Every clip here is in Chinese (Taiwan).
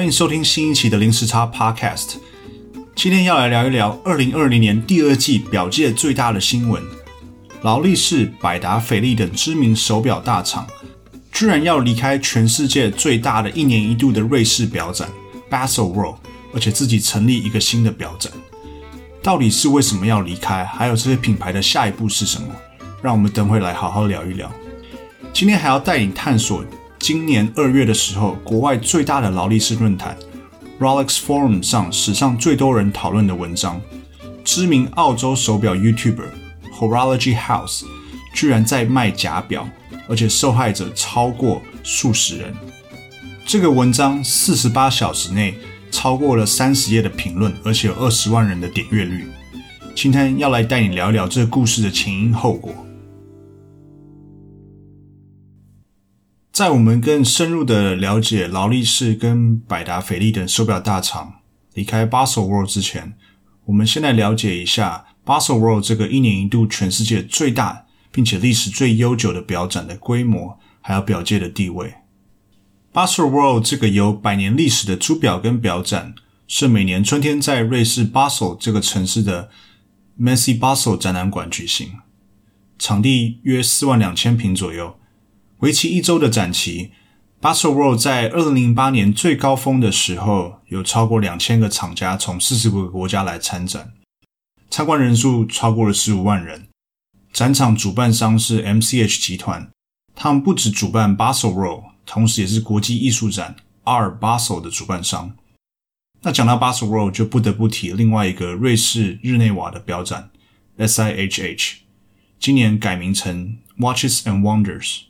歡迎收聽新一期的零時差 Podcast。今天要來聊一聊二零二零年第二季表界最大的新聞：勞力士、百達翡麗等知名手表大廠，居然要離開全世界最大的一年一度的瑞士表展 Baselworld，而且自己成立一個新的表展。到底是為什麼要離開？還有這些品牌的下一步是什麼？讓我們等會來好好聊一聊。今天還要帶你探索。今年二月的時候，國外最大的勞力士論壇 Rolex Forum 上，史上最多人討論的文章，知名澳洲手表 YouTuber Horology House 居然在賣假錶，而且受害者超過數十人。這個文章四十八小時內超過了三十頁的評論，而且有二十萬人的點閱率。今天要來帶你聊聊這故事的前因後果。在我們更深入的了解勞力士跟百達翡麗等手表大廠離開 Baselworld 之前，我們先來了解一下 Baselworld 這個一年一度全世界最大並且歷史最悠久的表展的規模，還有表界的地位。Baselworld 這個有百年歷史的珠表跟表展，是每年春天在瑞士 Basel 這個城市的 Messe Basel 展覽館舉行，場地約四萬兩千平左右。為期一周的展期，Baselworld 在二零零八年最高峰的時候，有超過兩千個廠家從四十個國家來參展，參觀人數超過了十五萬人。展場主辦商是 MCH 集團，他們不止主辦 Baselworld，同時也是國際藝術展 Art Basel 的主辦商。那講到 Baselworld，就不得不提另外一個瑞士日內瓦的標展 SIHH，今年改名成 Watches and Wonders。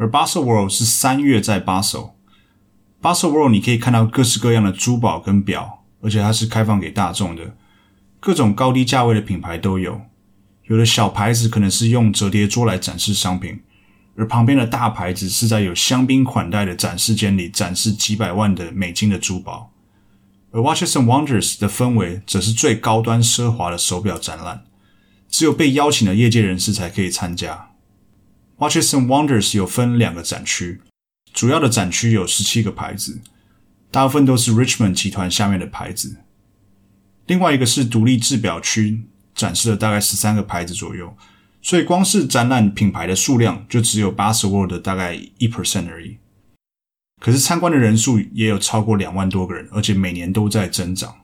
而 Baselworld 是三月在 Basel。Baselworld 你可以看到各式各樣的珠寶跟表，而且它是開放給大眾的，各種高低價位的品牌都有。有的小牌子可能是用折疊桌來展示商品，而旁邊的大牌子是在有香檳款待的展示間裡展示幾百萬的美金的珠寶。而 Watches and Wonders 的氛圍則是最高端奢華的手表展覽，只有被邀請的業界人士才可以參加。Watches & Wonders 有分兩個展區，主要的展區有十七個牌子，大部分都是 Richmond 集團下面的牌子。另外一個是獨立製錶區，展示了大概十三個牌子左右。所以光是展覽品牌的數量，就只有 Baselworld 大概一 percent 而已。可是參觀的人數也有超過兩萬多個人，而且每年都在增長。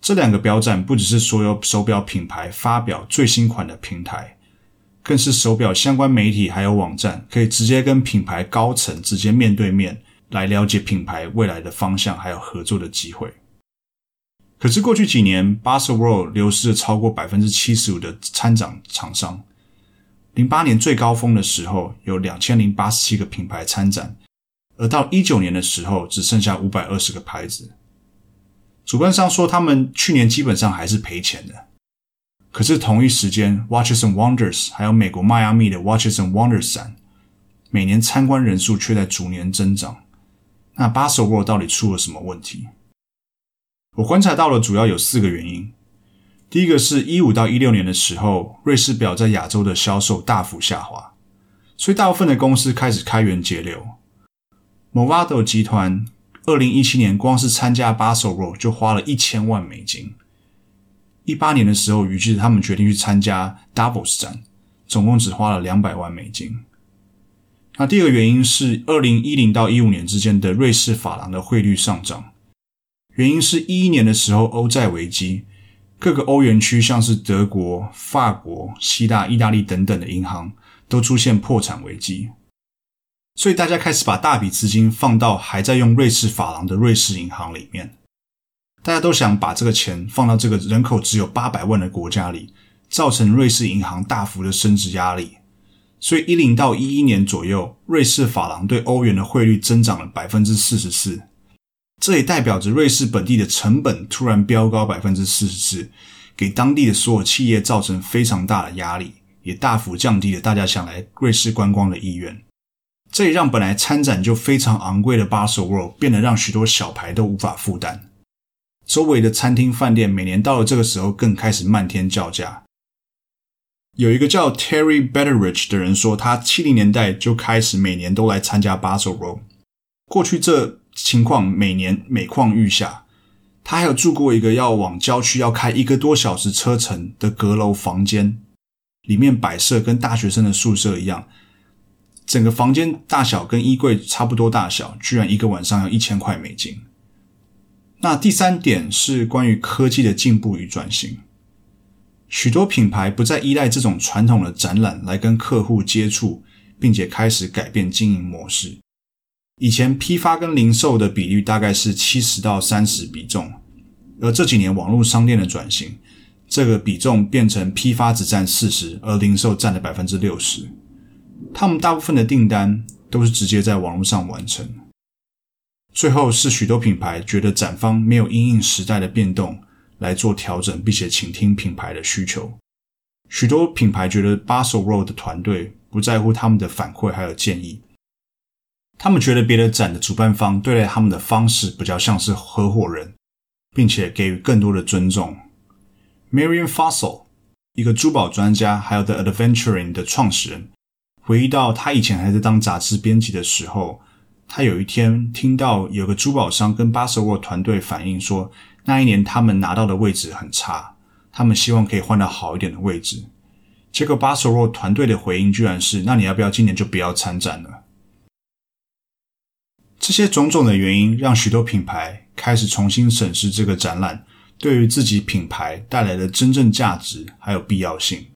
這兩個錶展不只是所有手錶品牌發表最新款的平台。更是手錶相關媒體還有網站可以直接跟品牌高層直接面對面來了解品牌未來的方向，還有合作的機會。可是過去幾年，Baselworld 流失了超過百分之七十五的參展廠商。零八年最高峰的時候有兩千零八十七個品牌參展，而到一九年的時候只剩下五百二十個牌子。主觀上說，他們去年基本上還是賠錢的。可是同一時間，Watches and Wonders 還有美國邁阿密的 Watches and Wonders 展，每年參觀人數卻在逐年增長。那 Baselworld 到底出了什麼問題？我觀察到了主要有四個原因。第一個是一五到一六年的時候，瑞士表在亞洲的銷售大幅下滑，所以大部分的公司開始開源節流。Movado 集團二零一七年光是參加 Baselworld 就花了一千萬美金。一八年的時候，於是他們決定去參加 Doubles 展，總共只花了兩百萬美金。那第二個原因是，二零一零到一五年之間的瑞士法郎的匯率上漲，原因是一一年的時候歐債危機，各個歐元區像是德國、法國、希臘、意大利等等的銀行都出現破產危機，所以大家開始把大筆資金放到還在用瑞士法郎的瑞士銀行裡面。大家都想把這個錢放到這個人口只有八百萬的國家裡，造成瑞士銀行大幅的升值壓力。所以一零到一一年左右，瑞士法郎對歐元的匯率增長了百分之四十四，這也代表着瑞士本地的成本突然飆高百分之四十四，給當地的所有企業造成非常大的壓力，也大幅降低了大家想來瑞士觀光的意願。這也讓本來參展就非常昂貴的 Baselworld 變得讓許多小牌都無法負擔。周圍的餐廳、飯店每年到了這個時候，更開始漫天叫價。有一個叫 Terry Betterich 的人說，他七零年代就開始每年都來參加 Baselworld。過去這情況每年每況愈下。他還有住過一個要往郊區要開一個多小時車程的閣樓房間，裡面擺設跟大學生的宿舍一樣，整個房間大小跟衣櫃差不多大小，居然一個晚上要一千塊美金。那第三點是關於科技的進步與轉型。許多品牌不再依賴這種傳統的展覽來跟客戶接觸，並且開始改變經營模式。以前批發跟零售的比例大概是七十到三十比重，而這幾年網絡商店的轉型，這個比重變成批發只佔四十，而零售佔了百分之六十。他們大部分的訂單都是直接在網絡上完成。最後是許多品牌覺得展方沒有因應時代的變動來做調整，並且傾聽品牌的需求。許多品牌覺得 Baselworld 的團隊不在乎他們的反饋還有建議。他們覺得別的展的主辦方對待他們的方式比較像是合夥人，並且給予更多的尊重。Marion Fossil，一個珠寶專家，還有 The Adventuring 的創始人，回憶到他以前還在當雜誌編輯的時候。他有一天聽到有個珠寶商跟 Baselworld 團隊反映說，那一年他們拿到的位置很差，他們希望可以換到好一點的位置。結果 Baselworld 團隊的回應居然是：那你要不要今年就不要參展了？這些種種的原因讓許多品牌開始重新審視這個展覽對於自己品牌帶來的真正價值還有必要性。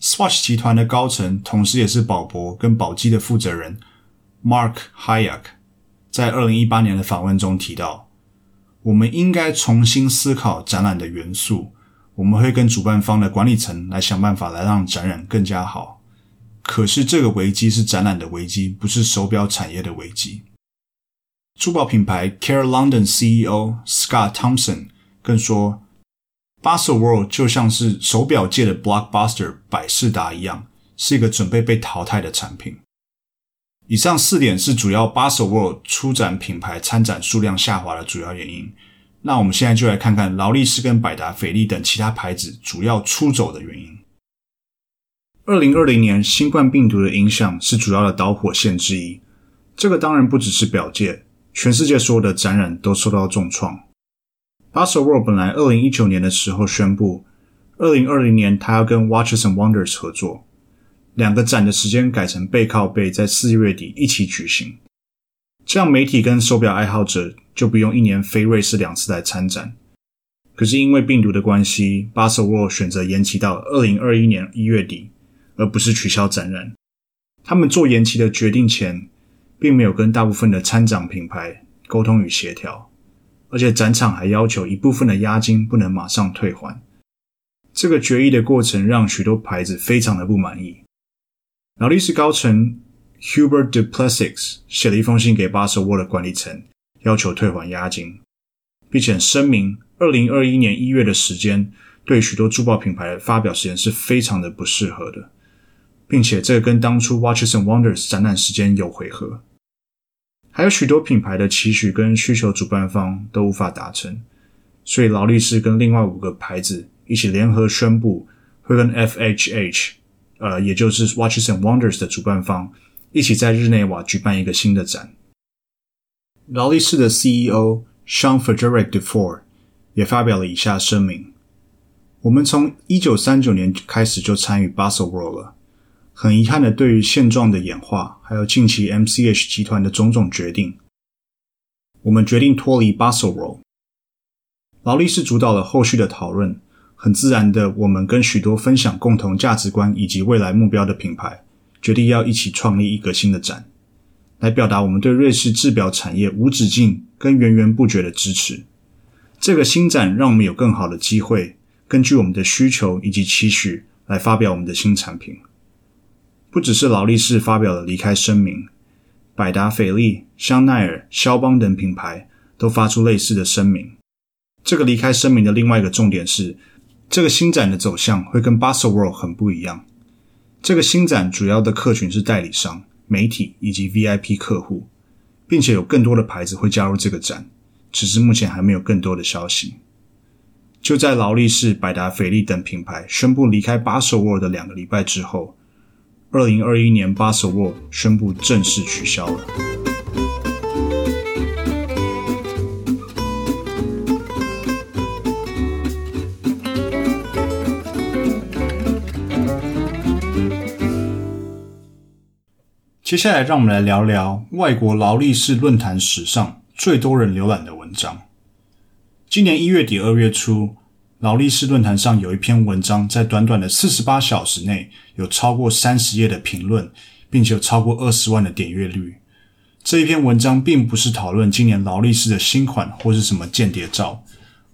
Swatch 集團的高層同時也是寶珀跟寶璣的負責人。Mark Hayek 在二零一八年的訪問中提到，我們應該重新思考展覽的元素。我們會跟主辦方的管理層來想辦法，來讓展覽更加好。可是這個危機是展覽的危機，不是手錶產業的危機。珠寶品牌 Care London CEO Scott Thompson 更說，Baselworld 就像是手錶界的 Blockbuster 百視達一樣，是一個準備被淘汰的產品。以上四點是主要 Baselworld 出展品牌參展數量下滑的主要原因。那我們現在就來看看勞力士跟百達翡麗等其他牌子主要出走的原因。二零二零年新冠病毒的影響是主要的導火線之一。這個當然不只是表界，全世界所有的展覽都受到重創。Baselworld 本來二零一九年的時候宣布，二零二零年他要跟 Watches and Wonders 合作。兩個展的時間改成背靠背，在四月底一起舉行，這樣媒體跟手錶愛好者就不用一年飛瑞士兩次來參展。可是因為病毒的關係，Baselworld 選擇延期到二零二一年一月底，而不是取消展覽。他們做延期的決定前，並沒有跟大部分的參展品牌溝通與協調，而且展場還要求一部分的押金不能馬上退還。這個決議的過程讓許多牌子非常的不滿意。勞力士高層 Hubert Duplassix 寫了一封信給 Baselworld 管理層，要求退還押金，並且聲明，二零二一年一月的時間對許多珠寶品牌的發表時間是非常的不適合的，並且這個跟當初 Watches and Wonders 展覽時間有回合，還有許多品牌的期許跟需求，主辦方都無法達成，所以勞力士跟另外五個牌子一起聯合宣布，會跟 FHH。呃，也就是 Watches and Wonders 的主辦方，一起在日內瓦舉辦一個新的展。勞力士的 CEO Jean-Frédéric Dufour 也發表了以下聲明：我們從一九三九年開始就參與 Baselworld 了，很遺憾的，對於現狀的演化，還有近期 MCH 集團的種種決定，我們決定脫離 Baselworld。勞力士主導了後續的討論。很自然的，我們跟許多分享共同價值觀以及未來目標的品牌，決定要一起創立一個新的展，來表達我們對瑞士制表產業無止境跟源源不絕的支持。這個新展讓我們有更好的機會，根據我們的需求以及期許來發表我們的新產品。不只是勞力士發表了離開聲明，百達翡麗、香奈兒、蕭邦等品牌都發出類似的聲明。這個離開聲明的另外一個重點是。這個新展的走向會跟 Baselworld 很不一樣。這個新展主要的客群是代理商、媒體以及 VIP 客戶，並且有更多的牌子會加入這個展。只是目前還沒有更多的消息。就在勞力士、百達翡麗等品牌宣布離開 Baselworld 的兩個禮拜之後，二零二一年 Baselworld 宣布正式取消了。接下來，讓我們來聊聊外國勞力士論壇史上最多人瀏覽的文章。今年一月底二月初，勞力士論壇上有一篇文章，在短短的四十八小時內，有超過三十頁的評論，並且有超過二十萬的點閱率。這一篇文章並不是討論今年勞力士的新款或是什麼間諜照，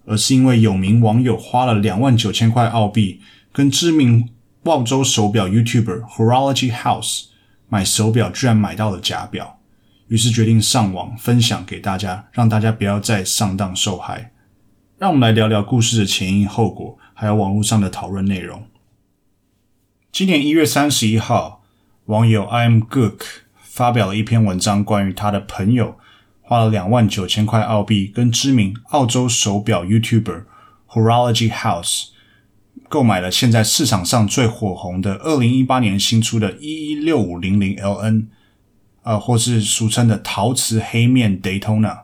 而是因為有名網友花了兩萬九千塊澳幣，跟知名澳洲手錶 YouTuber Horology House。買手表居然買到了假表，於是決定上網分享給大家，讓大家不要再上當受害。讓我們來聊聊故事的前因後果，還有網絡上的討論內容。今年一月三十一號，網友 I'm Gook 發表了一篇文章，關於他的朋友花了兩萬九千塊澳幣，跟知名澳洲手錶 YouTuber Horology House。購買了現在市場上最火紅的二零一八年新出的一一六五零零 LN，呃，或是俗稱的陶瓷黑面 Daytona，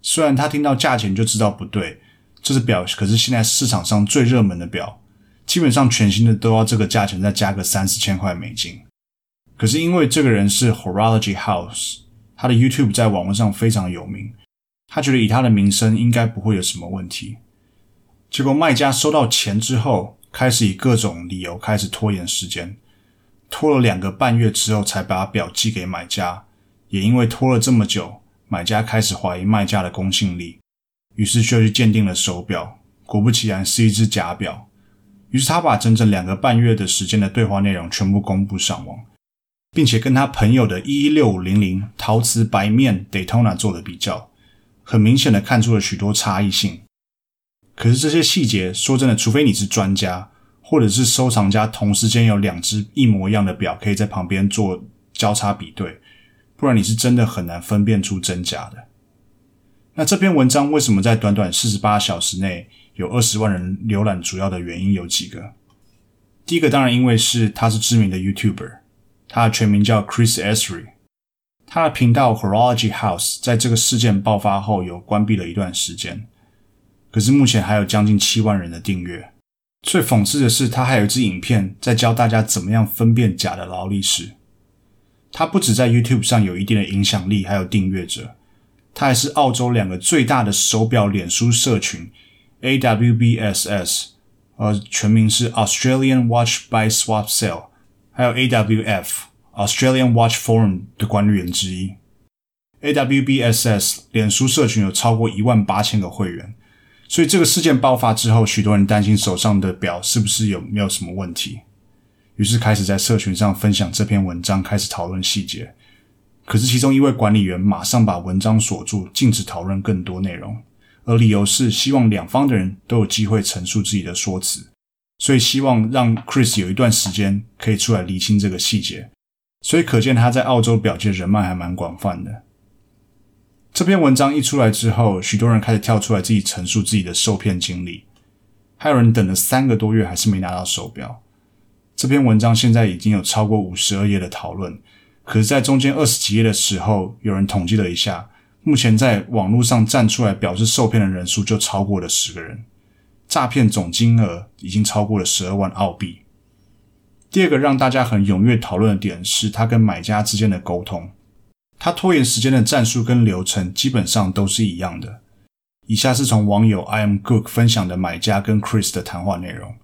雖然他聽到價錢就知道不對，這隻表，可是現在市場上最熱門的表，基本上全新的都要這個價錢再加個三四千塊美金。可是因為這個人是 Horology House。他的 YouTube 在網絡上非常有名，他覺得以他的名聲應該不會有什麼問題。結果，賣家收到錢之後，開始以各種理由開始拖延時間，拖了兩個半月之後才把表寄給買家。也因為拖了這麼久，買家開始懷疑賣家的公信力，於是就去鑑定了手表，果不其然是一隻假表。於是他把整整兩個半月的時間的對話內容全部公布上網，並且跟他朋友的116500陶瓷白面 Daytona 做了比較，很明顯的看出了許多差異性。可是這些細節，說真的，除非你是專家或者是收藏家，同時間有兩隻一模一樣的表，可以在旁邊做交叉比對，不然你是真的很難分辨出真假的。那這篇文章為什麼在短短四十八小時內有二十萬人瀏覽？主要的原因有幾個。第一個當然因為是他是知名的 YouTuber，他的全名叫 Chris Esri，他的頻道 Horology House 在這個事件爆發後有關閉了一段時間。可是目前還有將近七萬人的訂閱。最諷刺的是，他還有一支影片在教大家怎麼樣分辨假的勞力士。他不只在 YouTube 上有一定的影響力，還有訂閱者。他還是澳洲兩個最大的手表臉書社群 AWBSS，呃，全名是 Australian Watch Buy Swap Sell，還有 AWF Australian Watch Forum 的管理員之一。AWBSS 臉書社群有超過一萬八千個會員。所以這個事件爆發之後，許多人擔心手上的表是不是有沒有什麼問題，於是開始在社群上分享這篇文章，開始討論細節。可是其中一位管理員馬上把文章鎖住，禁止討論更多內容，而理由是希望兩方的人都有機會陳述自己的說辭，所以希望讓 Chris 有一段時間可以出來釐清這個細節。所以可見他在澳洲表界人脈還蠻廣泛的。這篇文章一出來之後，許多人開始跳出來自己陳述自己的受騙經歷，還有人等了三個多月還是沒拿到手錶。這篇文章現在已經有超過五十二頁的討論，可是，在中間二十幾頁的時候，有人統計了一下，目前在網絡上站出來表示受騙的人數就超過了十個人，詐騙總金額已經超過了十二萬澳幣。第二個讓大家很踴躍討論的點是他跟買家之間的溝通。他拖延時間的戰術跟流程基本上都是一樣的。以下是從網友 I am good 分享的買家跟 Chris 的談話內容。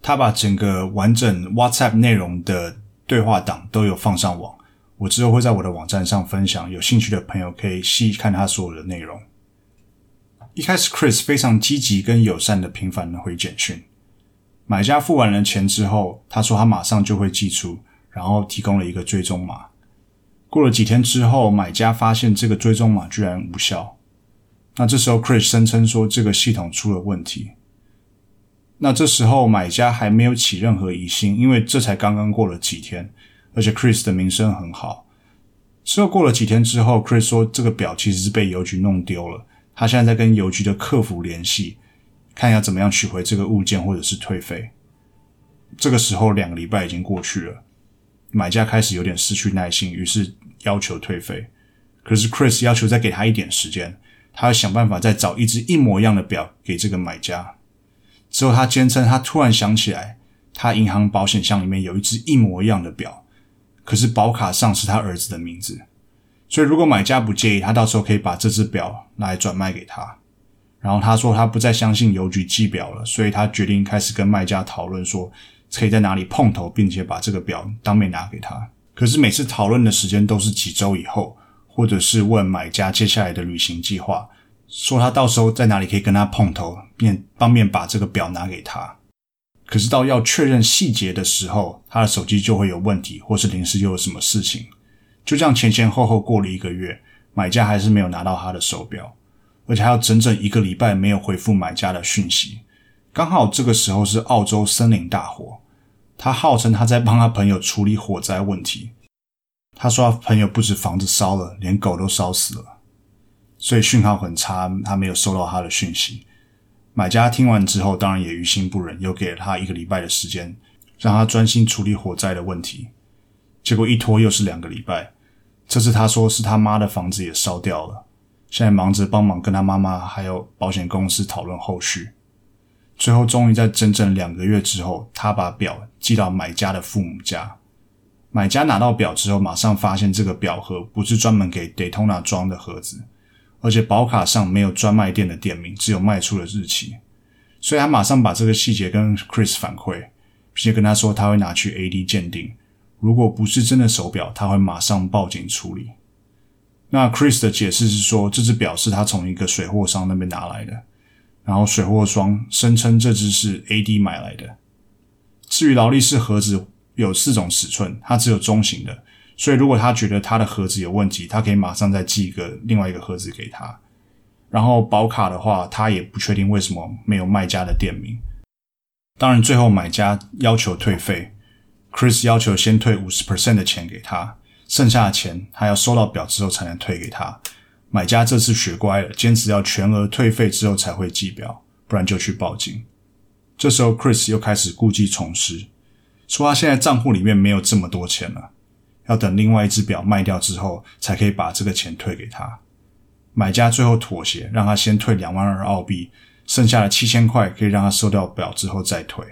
他把整個完整 WhatsApp 內容的對話檔都有放上網，我之後會在我的網站上分享，有興趣的朋友可以細看他所有的內容。一開始 Chris 非常積極跟友善的頻繁的回簡訊，買家付完了錢之後，他說他馬上就會寄出，然後提供了一個追蹤碼。過了幾天之後，買家發現這個追蹤碼居然無效。那這時候，Chris 聲稱說這個系統出了問題。那這時候，買家還沒有起任何疑心，因為這才剛剛過了幾天，而且 Chris 的名聲很好。之後過了幾天之後，Chris 說這個錶其實是被郵局弄丟了，他現在在跟郵局的客服聯繫，看一下怎麼樣取回這個物件或者是退費。這個時候，兩個禮拜已經過去了，買家開始有點失去耐心，於是，要求退費，可是 Chris 要求再給他一點時間，他要想辦法再找一只一模一樣的表給這個買家。之後他堅稱他突然想起來，他銀行保險箱裡面有一只一模一樣的表，可是保卡上是他兒子的名字。所以如果買家不介意，他到時候可以把這只表來轉賣給他。然後他說他不再相信郵局寄表了，所以他決定開始跟賣家討論說可以在哪裡碰頭，並且把這個表當面拿給他。可是每次討論的時間都是幾周以後，或者是問買家接下來的旅行計劃，說他到時候在哪裡可以跟他碰頭，便方便把這個表拿給他。可是到要確認細節的時候，他的手機就會有問題，或是臨時又有什麼事情，就這樣前前後後過了一個月，買家還是沒有拿到他的手表，而且還有整整一個禮拜沒有回覆買家的訊息。剛好這個時候是澳洲森林大火。他號稱他在幫他朋友處理火災問題，他說他朋友不止房子燒了，連狗都燒死了，所以訊號很差，他沒有收到他的訊息。買家聽完之後，當然也於心不忍，又給了他一個禮拜的時間，讓他專心處理火災的問題。結果一拖又是兩個禮拜，這次他說是他媽的房子也燒掉了，現在忙着幫忙跟他媽媽還有保險公司討論後續。最後，終於在整整兩個月之後，他把表寄到買家的父母家。買家拿到表之後，馬上發現這個表盒不是專門給 Daytona 裝的盒子，而且保卡上沒有專賣店的店名，只有賣出的日期。所以，他馬上把這個細節跟 Chris 反饋，並且跟他說他會拿去 AD 鑑定。如果不是真的手表，他會馬上報警處理。那 Chris 的解釋是說，這只表是他從一個水貨商那邊拿來的。然後水貨商聲稱這只是 AD 買來的。至於勞力士盒子有四種尺寸，它只有中型的，所以如果他覺得他的盒子有問題，他可以馬上再寄一個另外一個盒子給他。然後保卡的話，他也不確定為什麼沒有賣家的店名。當然，最後買家要求退費，Chris 要求先退五十 percent 的錢給他，剩下的錢他要收到表之後才能退給他。買家這次學乖了，堅持要全額退費之後才會寄表，不然就去報警。這時候，Chris 又開始故技重施，說他現在賬戶裡面沒有這麼多錢了，要等另外一只表賣掉之後，才可以把這個錢退給他。買家最後妥協，讓他先退兩萬二澳幣，剩下的七千塊可以讓他收到表之後再退。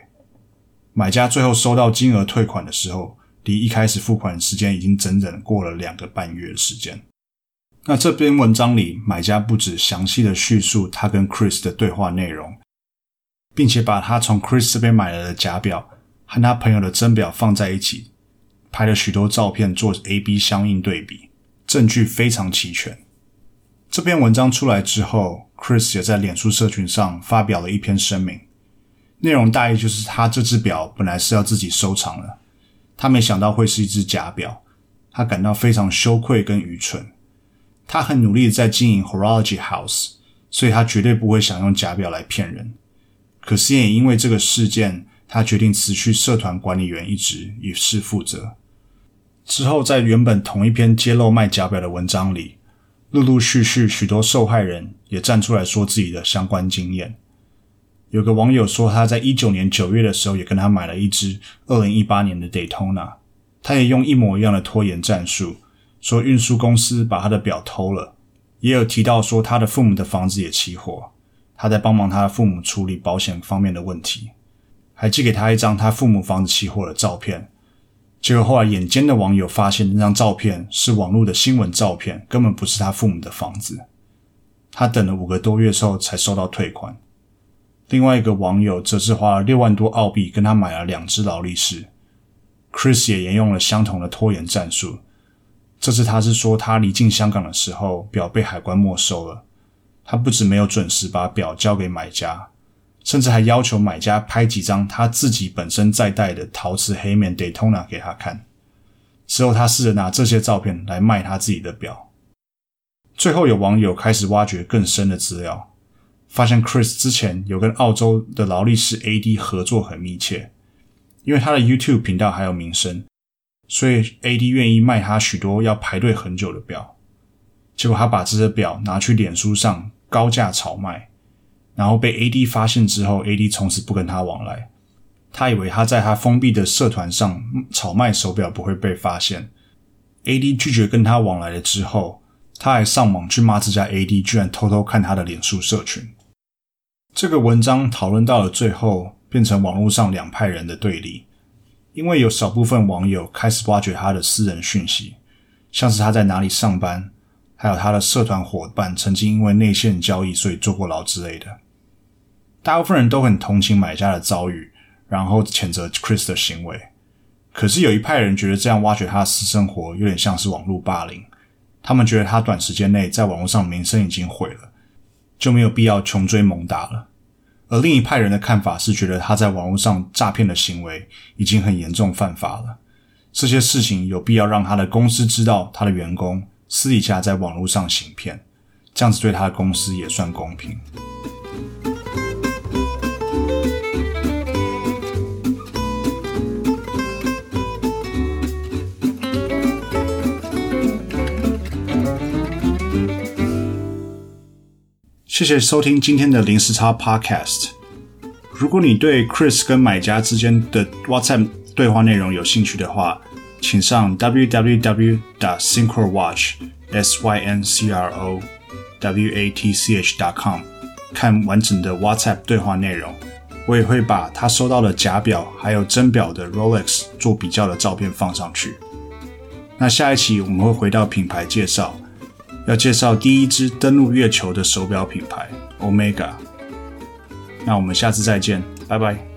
買家最後收到金額退款的時候，離一開始付款的時間已經整整過了兩個半月的時間。那這篇文章裡，買家不止詳細的敘述他跟 Chris 的對話內容，並且把他從 Chris 這邊買來的假錶和他朋友的真錶放在一起，拍了許多照片做 AB 相應對比，證據非常齊全。這篇文章出來之後，Chris 也在臉書社群上發表了一篇聲明，內容大意就是他這隻錶本來是要自己收藏的，他沒想到會是一隻假錶，他感到非常羞愧跟愚蠢。他很努力在經營 Horology House，所以他絕對不會想用假表來騙人。可是也因為這個事件，他決定辭去社團管理員一職，以示負責。之後，在原本同一篇揭露賣假表的文章裡，陸陸續續許多受害人也站出來說自己的相關經驗。有個網友說，他在一九年九月的時候也跟他買了一隻二零一八年的 Daytona，他也用一模一樣的拖延戰術。說運輸公司把他的錶偷了，也有提到說他的父母的房子也起火，他在幫忙他的父母處理保險方面的問題，還寄給他一張他父母房子起火的照片。結果後來眼尖的網友發現那張照片是網絡的新聞照片，根本不是他父母的房子。他等了五個多月之後才收到退款。另外一個網友則是花了六萬多澳幣跟他買了兩只勞力士。Chris 也沿用了相同的拖延戰術。這次他是說，他離境香港的時候，表被海關沒收了。他不止沒有準時把表交給買家，甚至還要求買家拍幾張他自己本身在戴的陶瓷黑面 Daytona 給他看。之後，他試着拿這些照片來賣他自己的表。最後，有網友開始挖掘更深的資料，發現 Chris 之前有跟澳洲的勞力士 AD 合作很密切，因為他的 YouTube 頻道還有名聲。所以 AD 願意賣他許多要排隊很久的表，結果他把這些表拿去臉書上高價炒賣，然後被 AD 發現之後，AD 從此不跟他往來。他以為他在他封閉的社團上炒賣手錶不會被發現。AD 拒絕跟他往來了之後，他還上網去罵這家 AD 居然偷偷看他的臉書社群。這個文章討論到了最後，變成網絡上兩派人的對立。因為有少部分網友開始挖掘他的私人訊息，像是他在哪裡上班，還有他的社團伙伴曾經因為內線交易所以坐過牢之類的。大部分人都很同情買家的遭遇，然後譴責 Chris 的行為。可是有一派人覺得這樣挖掘他的私生活有點像是網絡霸凌，他們覺得他短時間內在網絡上的名聲已經毀了，就沒有必要窮追猛打了。而另一派人的看法是，覺得他在網絡上詐騙的行為已經很嚴重犯法了。這些事情有必要讓他的公司知道，他的員工私底下在網絡上行騙，這樣子對他的公司也算公平。謝謝收聽今天的零時差 Podcast。如果你對 Chris 跟買家之間的 WhatsApp 對話內容有興趣的話，請上 www.syncrowatch.syncrowatch.com 看完整的 WhatsApp 對話內容。我也會把他收到的假錶還有真錶的 Rolex 做比較的照片放上去。那下一期我們會回到品牌介紹。要介紹第一支登陸月球的手表品牌 Omega，那我們下次再見，拜拜。